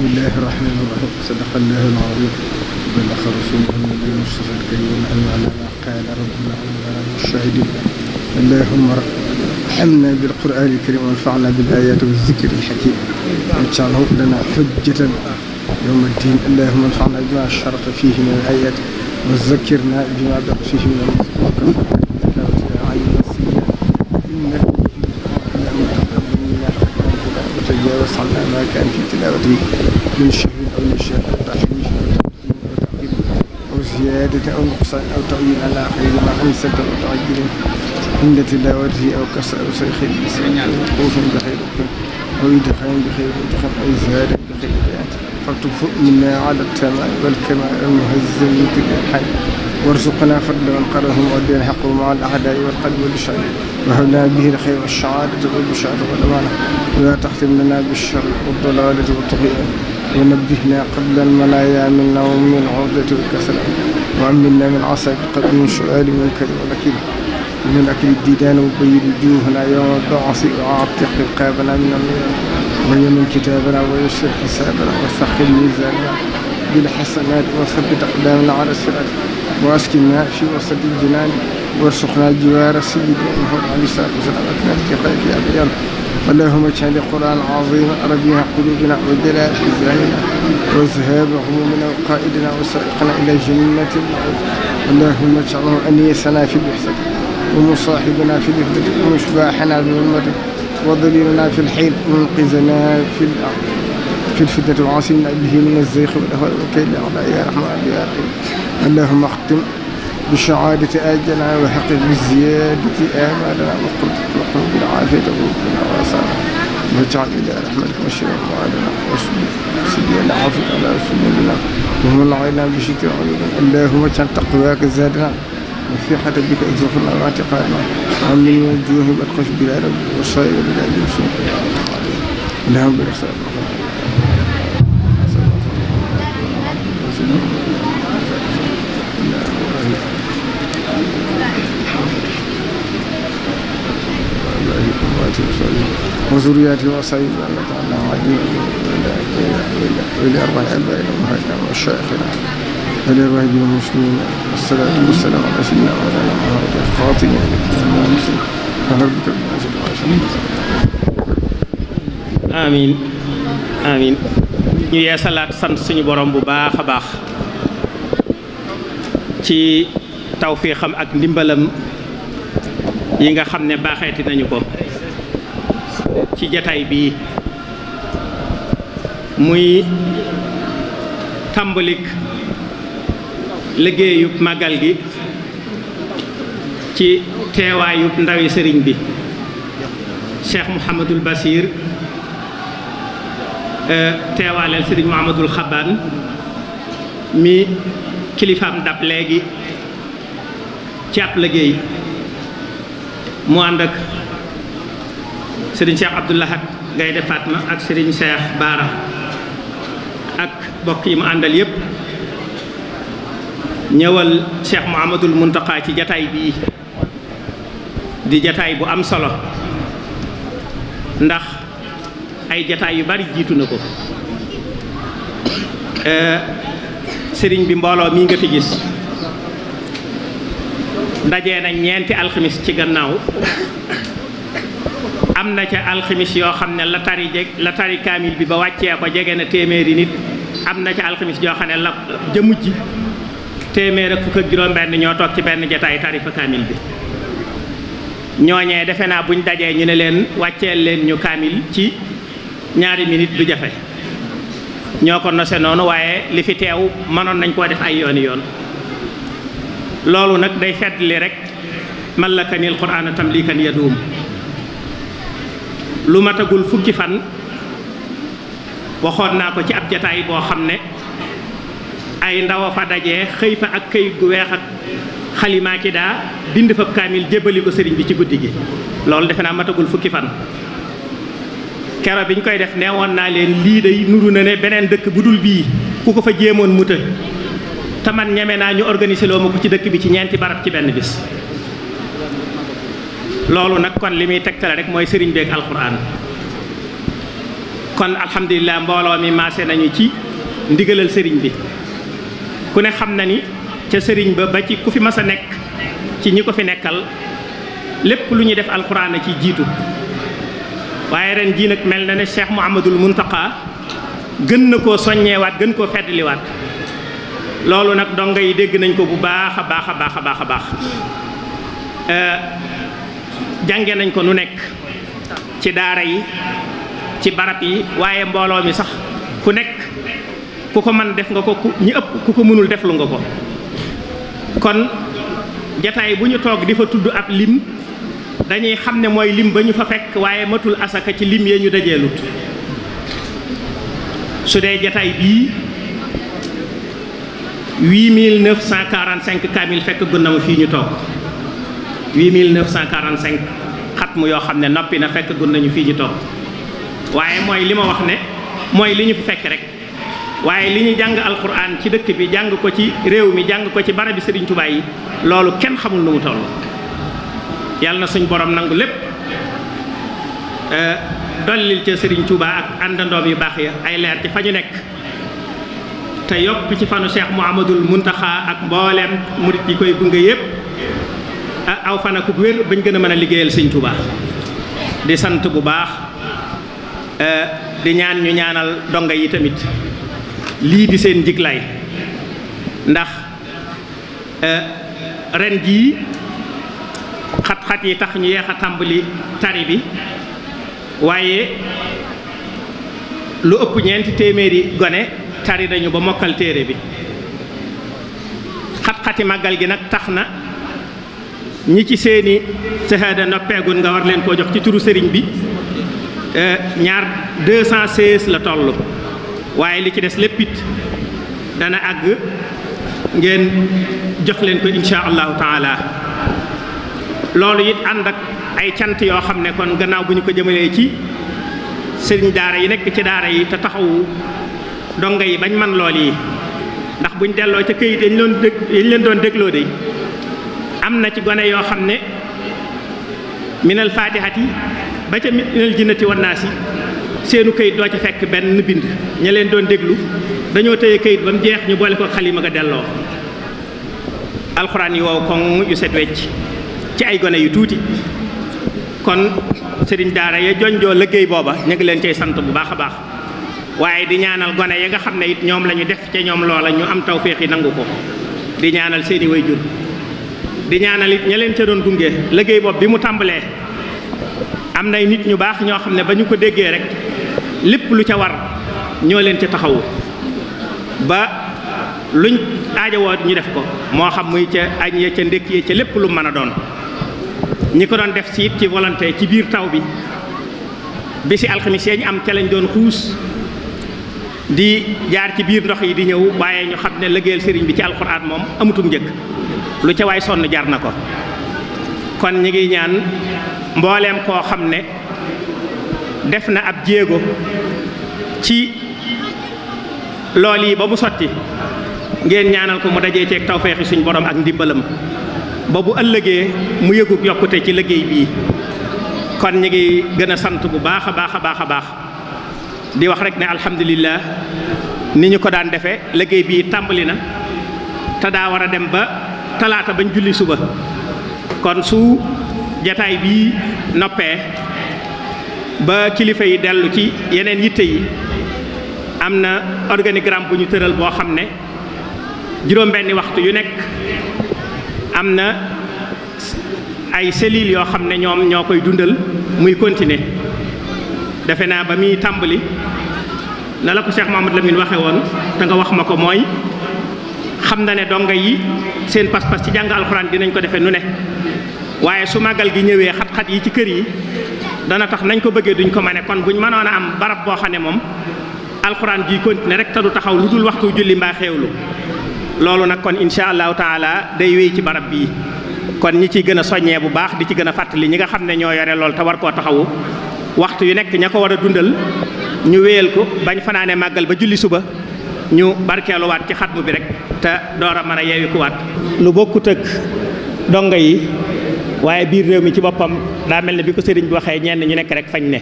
bismillahi rahmaani rahim sadaqallahu al-azim balaxa rasuluna nabi mustafa al-karim alana qaala rabbuna amana mushahidin allahumma arhamna bilqur'ani al-karim wanfa'na bil ayati wa zikri al-hakim waj'alhu lana hujjatan yawma ddin allahumma anfa'na bima sharata fihi min al-ayati wa zakkirna bima baqiya fihi min al-dhikr ما كان في تلاوته من شر أو نشاء أو تحريف أو تعقيب أو زيادة أو نقصان أو تأويل على خير ما أنسك أو تعجل عند تلاوته أو كسر أو سيخ بلسان أو وقوف بخير أو إدخال بخير إدخال أو زيادة بخير فاكتب منا على التمام والكمال المهزم من كل الحال وارزقنا فضل من قرهم ودين حقه مع الأعداء والقلب والشعير وهبنا به الخير والسعادة والبشارة والأمانة ولا تختم لنا بالشر والضلالة والطغيان ونبهنا قبل المنايا من نوم العرضة والكسلان وأمنا من عصاك قبل من سؤال منكر ونكير من أكل الديدان وبيد وجوهنا يوم البعث وأعتق رقابنا من النار ويمن كتابنا ويسر حسابنا وسخر ميزاننا بالحسنات وثبت أقدامنا على الصراط وأسكننا في وسط الجنان وارزقنا جوار سيدنا محمد عليه الصلاة والسلام أكمل بخير أبيان اللهم اجعل القرآن العظيم ربيع قلوبنا ودلاء أحزاننا وذهاب همومنا وقائدنا وسائقنا إلى جنة اللهم اجعله أنيسنا في بحثك ومصاحبنا في بحثك ومشباحنا بأمتك وضليلنا في الحيل ومنقذنا في الأرض في الفتنة وعاصمنا به من الزيخ والأهوال وكيل الأعداء يا رحمن يا رحيم اللهم اختم بشعادة آجلنا وحق بزيادة آمالنا وقرب بالعافية وقربنا وأسعنا واجعل إلى رحمتك مشير أموالنا وسدي العافية على سبلنا وهم العينا بشكر عيوبنا اللهم اجعل تقواك زادنا وثقة بك أجرفنا واعتقادنا وعن الوجوه والقش بلا رب والصيب بلا جنس اللهم بارك وذرياتي وسيد أنك على عديد ولأرواح أبائنا ومهاجنا ومشايخنا ولأرواح دين المسلمين والصلاة والسلام على سيدنا مولانا محمد الخاتم والمسلم وربك المنازل amiin amiin ñu yeesalaat sant suñu borom bu baax a baax ci tawféexam ak ndimbalam yi nga xam ne baaxeeti nañu ko ci jataay bii muy tàmbalik liggéeyub màggal gi ci teewaayub ndawi sëriñ bi cheikh mouhamadul basiir euh, teewaaleel sëriñ mouhamadul xabaan mi kilifaam dab léegi ci ab liggéey mu ànd ak sëriñ Cheikh Abdoulahat Gaynde Fatma ak sëriñ Cheikh Baara ak bokk yi mu àndal yépp ñëwal Cheikh Mouhamadul Mountakha ci jataay bii di jataay bu am solo ndax ay jataay yu bari jiitu na ko euh, sëriñ bi mbooloo mi nga fi gis dajee na ñeenti alxamis ci gannaaw am na ca alximis yoo xam ne la tari la tari kaamil bi ba wàccee ko jege na téeméeri nit am na ca alximis yoo xam ne la jëmu ji téeméer ak fukk ak juróom-benn ñoo toog ci benn jataay tari fa kaamil bi ñooñee defe naa buñ dajee ñu ne leen wàccee leen ñu kaamil ci ñaari minute du jafe ñoo ko nose noonu waaye li fi teew mënoon nañ koo def ay yooni yoon loolu nag day fedd li rek man la kanil qur'aana tamlikan yaduum lu matagul fukki fan waxoon naa ko ci ab jataay boo xam ne ay ndaw a fa dajee xëy fa ak këyit gu weex ak xalimaa ki daa bind fa kaamil jébbali sëriñ bi ci guddi gi loolu defe naa matagul fukki fan kero biñ koy def nee naa leen lii day nuru na ne beneen dëkk bu dul bii ku ko fa jéemoon mu të te man ñeme naa ñu organiser ma ko ci dëkk bi ci ñeenti barab ci benn bis loolu nag kon li muy tegtale rek mooy sëriñ beeg alxuraan kon alhamdulilah mbooloo mi maase nañu ci ndigalal sëriñ bi ku ne xam na ni ca sëriñ ba ba ci ku fi mas a nekk ci ñi ko fi nekkal lépp lu ñuy def alxuraan a ci jiitu waaye ren jii nag mel na ne Cheikh Mouhamadul Muntaqa gën na koo soññeewaat gën koo feddliwaat loolu nag dongo yi dégg nañ ko bu baax a baax a baax a baax a baax euh, jànge nañ ko nu nekk ci daara yi ci barab yi waaye mbooloo mi sax ku nekk ku ko mën def nga ko ñi ëpp ku ko mënul def lu nga ko kon jataay bu ñu toog di fa tudd ab lim dañuy xam ne mooy lim ba ñu fa fekk waaye matul asaka ci lim yee ñu dajee dajeelut su dee jataay bii 8945 kaamil fekk gun na fii ñu toog 8945 xat mu yoo xam ne noppi na fekk gun nañu fii ji toog waaye mooy li ma wax ne mooy li ñu fi fekk rek waaye li ñu jàng alquran ci dëkk bi jàng ko ci réew mi jàng ko ci barabi Sëriñ Tuubaa yi loolu kenn xamul nu mu toll yàlla na suñ borom nangu lépp euh, dollil ca Sëriñ Tuubaa ak àndandoom yu baax ya ay leer ci fa ñu nekk te yokk ci fanu Cheikh Mouhamadoul Mountakha ak mbooleem murit yi koy gunge yépp aw fan ak wér bañ gën a mën a liggéeyal sëñ Touba di sant bu baax e, di ñaan ñu ñaanal donga yi tamit lii di seen njiglaay ndax e, ren jii xat-xat yi tax ñu yeex a tàmbali tari bi waaye lu ëpp ñeenti téeméeri gone tari nañu ba mokkal téere bi xat-xati màggal gi nag tax na ñi ci seeni sahaada noppeegul nga war leen koo jox ci turu sëriñ bi eh, ñaar 216 la toll waaye li ci des lépp dana àgg ngeen jox leen ko insha allahu taala loolu yit ànd ak ay cant yoo xam ne kon gannaaw bu ñu ko jëmalee ci sëriñ daara yi nekk ci daara yi te taxawu donga yi bañ man lool yi ndax buñ delloo ca këyit dañ leen doon dégloo de am na ci gone yoo xam ne minal faatihati ba ca minal jinnati wan naas seenu këyit doo ca fekk benn bind ña leen doon déglu dañoo tëye kayit ba mu jeex ñu boole ko xalima nga delloo alxuraan yi wow koŋ yu set wecc ci ay gone yu tuuti kon sëriñ daara ya jonjoo liggéey booba ñu ngi leen cay sant bu baax a baax waaye di ñaanal gone ya nga xam ne it ñoom la ñu def ca ñoom loola ñu am tawféex yi nangu ko di ñaanal seeni wayjur di ñaanal ña leen ca doon gunge liggéey bopp bi mu tàmbalee am nay nit ñu baax ñoo xam ne ba ñu ko déggee rek lépp lu ca war ñoo leen ca taxawu ba luñ aajowoo ñu def ko moo xam muy ca añ ya ca ndékk ya ca lépp lu mën a doon ñi ko doon def si it ci volonté ci biir taw bi bi si alxamis ñu am ca lañ doon xuus di jaar ci biir ndox yi di ñëw waaye ñu xam ne liggéeyal sëriñ bi ci alxuraan moom amutum njëkk lu ca waay sonn jar na ko kon ñi ngi ñaan mbooleem koo xam ne def na ab jéego ci lool yi ba mu sotti ngeen ñaanal ko mu dajee ceeg tawfeexi suñ borom ak ndimbalam ba bu ëllëgee mu yëgub yokkute ci liggéey bii kon ñi ngi gën a sant bu baax a baax a baax a baax di wax rek ne alhamdulillah ni ñu ko daan defee liggéey bii tàmbali na te daa war a dem ba talaata bañ julli suba kon su jataay bi noppee ba kilifa yi dellu ci yeneen yitte yi am na organigramme bu ñu tëral boo xam ne juróom-benni waxtu yu nekk am na ay cellules yoo xam ne ñoom ñoo koy dundal muy continuer defe naa ba muy tàmbali na la ko Cheikh Mamadou Lamine waxe woon te nga wax ma ko mooy xam na ne donga yi seen pas-pas ci jàng alxuraan dinañ ko defee nu ne waaye su màggal gi ñëwee xat-xat yi ci kër yi dana tax nañ ko bëggee duñ ko mane kon buñ mënoon a am barab boo xam ne moom alxuraan ji continué rek te du taxaw lu dul waxtu julli mbaa xéewlu loolu nag kon incha allahu taala day wéy ci barab bii kon ñi ciy gën a soññee bu baax di ci gën a fàttali ñi nga xam ne ñoo yore loolu te war koo taxawu waxtu yu nekk ña ko war a dundal ñu wéyal ko bañ fanaane màggal ba julli suba ñu waat ci xatmu bi rek te door a mën a yeewikuwaat lu bokkut ak donga yi waaye biir réew mi ci boppam daa mel ne bi ko sëriñ bi waxee ñeen ñu nekk rek fañ ne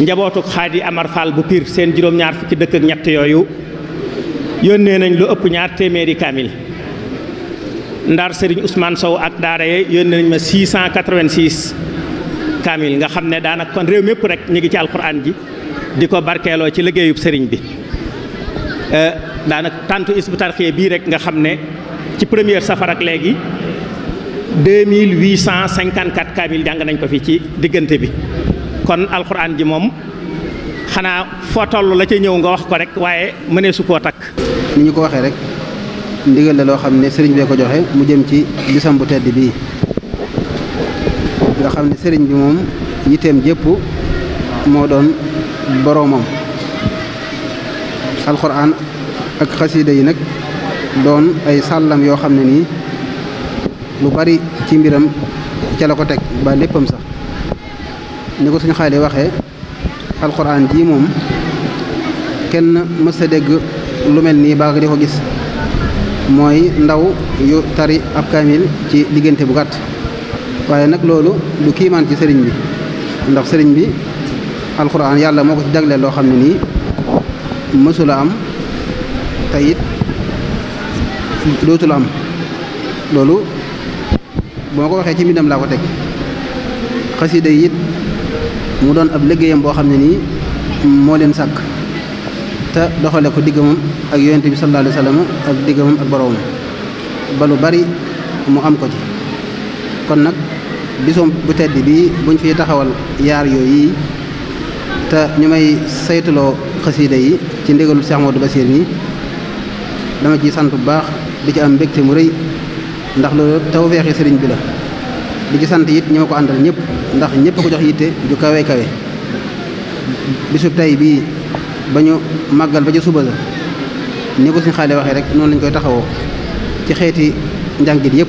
njabootuk xaadi Amar Fall bu Pire seen juróom-ñaar fukki dëkk ñett yooyu yónnee nañ lu ëpp ñaar téeméeri kaamil ndar sëriñ Ousmane Sow ak daara ye yónnee nañ ma 686 kaamil nga xam ne daanaka kon réew mépp rek ñu ngi ci alquran ji di ko barkeeloo ci liggéeyub sëriñ bi Euh, daanaka tàntu Hizbut Tarqiyyah bii rek nga xam ne ci première safar ak léegi 2854 kaamil jàng nañ ko fi ci diggante bi kon alxuraan ji moom xanaa foo toll la ca ñëw nga wax ko rek waaye mënee su koo takk. ni ñu ko waxee rek ndigal la loo xam ne sëriñ bee ko joxe mu jëm ci bisam bu tedd bii nga xam ne sëriñ bi moom yiteem jépp moo doon boroomam. alxuraan ak xasiida yi nag doon ay sàllam yoo xam ne nii lu bari ci mbiram ca la ko teg ba léppam sax ni ko suñu xaale waxe alxuraan jii moom kenn mës dégg lu mel nii baa di ko gis mooy ndaw yu tari ab kaamil ci diggante bu gàtt waaye nag loolu du kiimaan ci sëriñ bi ndax sëriñ bi alxuraan yàlla moo ko ci jagleel loo xam ne nii mësula am te it dootul am loolu boo ko waxee ci mbindam laa ko teg xasida yi it mu doon ab liggéeyam boo xam ne nii moo leen sàkk te doxale ko diggamam ak yonent bi sallallahu alayhi wa ak diggamam ak boroom ba lu bari mu am ko ci kon nag bisoom bu tedd bi buñ fiy taxawal yaar yooyu yi te ñu may saytuloo xasiida yi ci ndigalu du ba Bassir mi dama ci sant bu baax bi ci am mbégte mu rëy ndax loolu tawfeexi sëriñ bi la di ci sant yit ñi ko àndal ñëpp ndax ñëpp ko jox yitte ju kawe kawe bisub tay bii ba ñu màggal ba ca suba la ni ko suñ xaale waxee rek noonu lañ koy taxawoo ci xeeti njàngit yëpp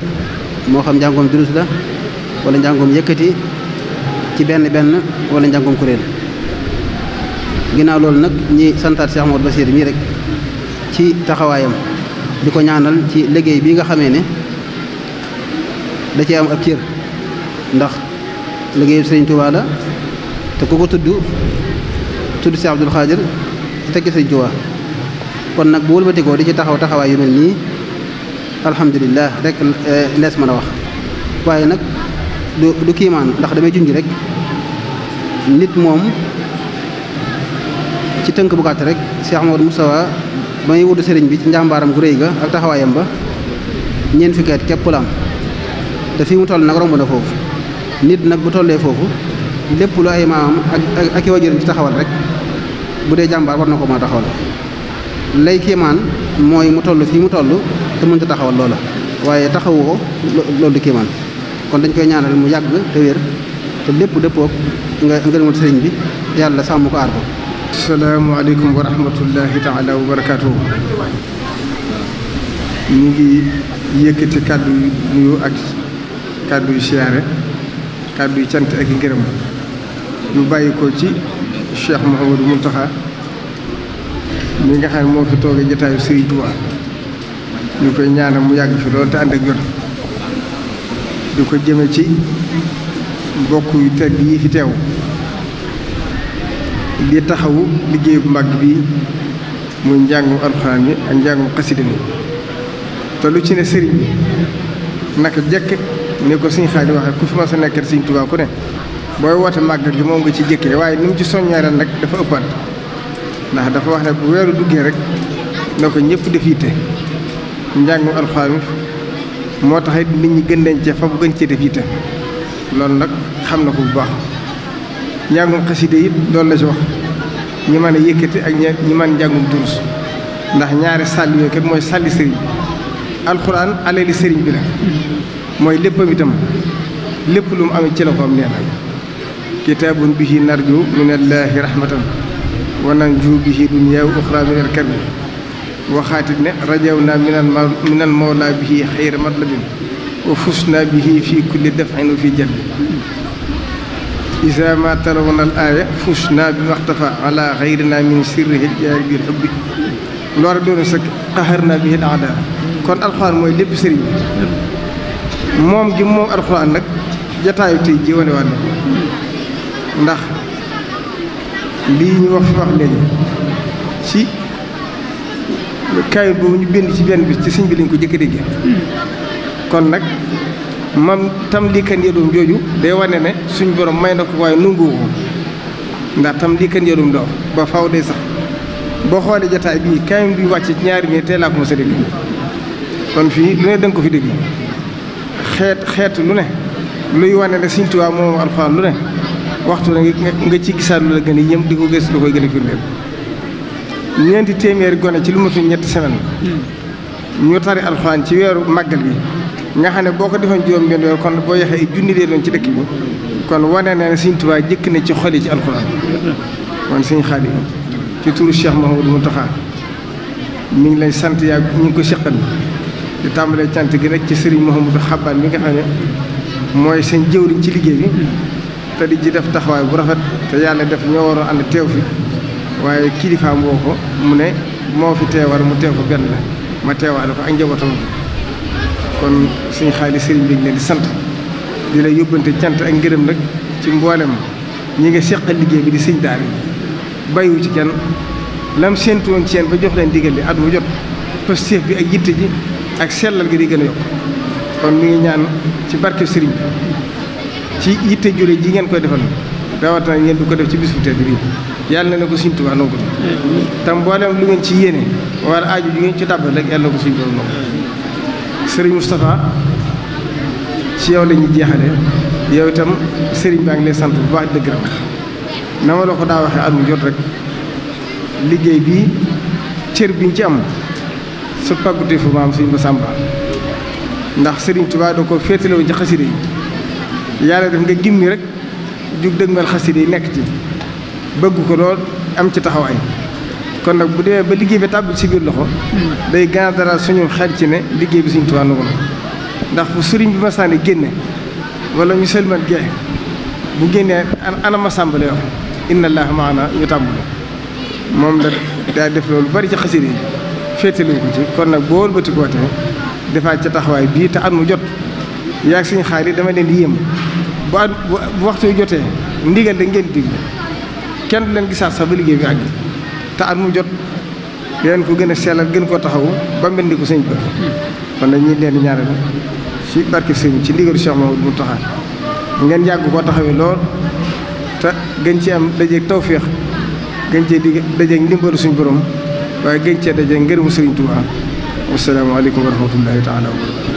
moo xam njàngoom durus la wala njàngoom yëkkati ci benn benn wala njàngoom kuréel ginnaaw loolu nag ñi santaat Cheikh Amadou Bassir mii rek ci taxawaayam di ko ñaanal ci liggéey bii nga xamee ne da cee am ab cër ndax liggéeyu Sëriñ Tuubaa te ku ko tudd tudd Cheikh Abdoul Khadir tekki Sëriñ Tuubaa kon nag bu wëlbatikoo di ci taxaw taxawaay yu mel nii alhamdulilah rek lees eh, mën a wax waaye nag du du kiimaan ndax damay junj rek nit moom ci tënk bu gàtt rek Cheikh Amadou Moustapha ba muy wutu sëriñ bi ci njàmbaaram gu réy ga ak taxawaayam ba ñeent fukki at képp la te fii mu toll nag romb na foofu nit nag bu tollee foofu lépp lu ay maamam ak ak i ci taxawal rek bu dee jàmbaar war na ko mën a taxawal lay kiimaan mooy mu toll fii mu toll te mën mënta taxawal loola waaye taxawu ko loolu di kiimaan kon dañ koy ñaanal mu yàgg te wér te lépp dëppoog nga ngërëmal sëriñ bi yàlla sàmm ko salaamaaleykum wa rahmatullahi taala wa barakaatu. ñu ngi yëkkati kàddu yu nuyu ak kàddu yu siyaare kàddu yu cant ak ngërëm ñu bàyyi ko ci Cheikh Mouhamadou Mountakha mi nga xam ne moo fi toogee jotaayu Serigne Touba ñu koy ñaanal mu yàgg fi loolu te ànd ak jot di ko jëme ci mbokk yu yi fi teew. di taxawu liggéey bu mag bi muy njàngum alxuraan mi ak njàngum xasida ni te lu ci ne sëriñ bi naka jekk ni ko suñ xaaj waxee ku fi ma sa nekkal suñ Tuubaa ku ne booy woote màggal gi moom nga ci jëkkee waaye ni mu ci soññaareel nag dafa ëppaat ndax dafa wax ne bu weeru duggee rek na ko ñëpp def yitte njàngum alxuraan moo tax it nit ñi gën leen cee fa bu gën cee def yitte loolu nag xam na ko bu baax njàngum xasida it loolu la ci wax ñi mën a yëkkati ak ñi man jàngum durus ndax ñaari sàll yooyu kat mooy sàlli sëriñ alxuraan alali sëriñ bi la mooy léppam itam lépp lu mu amee ci la ko bi nee na kitaabun bihi narju minallaahi rahmatan wa nanju bihi dunyaa wa uxraa minal karbi waxaatit ne rajaw naa minal minal mawlaa bihi xayra matlabin wa fus naa bihi fii kulli daf'in wa fii jalbi isa ma tarawna al aaya fuus naa bi waxtafa ala xayrina min sirrihi jaar bi xubbi loolu sa xaxar naa bi aada kon alxuraan mooy lépp sëriñ bi moom gi moom alxuraan nag jataayu tey ji ndax lii ñu wax fi wax léegi ci kayit boobu ñu bind ci benn bis ci sëñ bi lañ ko jëkk dégge kon nag man tam likandiyaɗum jooju day wane ne suñ borom may na ko waaye nungu ko ndax tam likandiyaɗum ɗo ba faw de sax boo xoolee jotaay bii kañ bi wàcc ñaari mi teel a ko dégg kon fii lu ne danga ko fi dégg xeet xeet lu ne luy wane ne Sëñ Tuubaa moom lu ne waxtu ne nga ci gisaat la gën a yem di ko gëstu lu koy gën a firndeel ñeenti téeméeri gone ci lu matu ñetti semaine hmm. ñu tari alxuraan ci weeru màggal bi nga xam ne boo ko defoon juróom benn yoon kon boo yexee junni dee doon ci dëkk bi kon wanee na ne Sëriñ Tuubaa jëkk na ci xol yi ci alxuraan kon Sëriñ Xaadim ci turu Cheikh Mouhamadou Mountakha mi ngi lay sant yaa ñu ngi ko seqal cant gi rek ci Serigne Mouhamadou Xabbaan mi nga xam ne mooy seen jëwriñ ci liggéey bi te di ji def taxawaay bu rafet te yàlla def ñoo waroon ànd teew fi waaye kilifaam woo ko mu ne moo fi teewal mu teew ko benn la ma teewaale ko ak njabootam kon suñu xaalis sëriñ bi ñu leen di sant di lay yóbbante cant ak ngërëm nag ci mboolem ñi nga seqal liggéey bi di siñ daara yi bàyyiwu ci kenn lam séentu woon ci yéen ba jox leen digal li at wu jot positif bi ak yitte ji ak sellal gi di gën a yokk kon mi ngi ñaan ci barke sëriñ bi ci yitte jure ji ngeen koy defal rawatina ngeen du ko def ci bis bu tedd bi yàlla na ne ko suñu Tuubaa nangu tam mboolem lu ngeen ci yéene wala aaju ju ngeen ci dàbbal rek yàlla na ko suñu Tuubaa nangu Serigne Moustapha ci yow lañuy ñuy jeexale yow itam Serigne baa ngi lay sant bu baax di la na ma la ko daa waxee at mu jot rek liggéey bi cër biñ ci am su pàggutee fu maam suñ ba sàmba ndax sëriñ Touba da ko féetale woon ci xaside yi yàlla def nga gimmi rek jug dëgmal xaside yi nekk ci bëgg ko lool am ci taxawaay. kon nag bu demee ba liggéey bi tàbbi ci biir loxo hmm. day gën dara suñu xel ci ne liggéey bi suñu Tuubaa nangu na ndax bu sëriñ bi masaane génne walla ñu sëlmat gee bu génnee ana masamba lay wax inna allaha maana ñu tàmbali moom la daa def loolu bari ci xasida yi féetaliñ ko ci kon nag boo wëlbati koo defaat ca taxawaay bii te at mu jot yaa ngi suñu xaar yi leen yéem bu at bu waxtu jotee ndigal da ngeen digg kenn du leen gisaat sax ba liggéey bi àgg te at mu jot leen ku gën a sellal gën koo taxawu ba mel ni ko sëñ bi kon nag ñu leen ñaanal si barke sëñ ci ndigalu Cheikh Mamadou Mountakha ngeen yàgg koo taxawee lool te gën ci am dajeeg tawféex gën cee di dajeeg ndimbalu suñu borom waaye gën cee dajeeg ngërëmu sëriñ Tuubaa wasalaamaaleykum wa rahmatullahi taala wa barakatu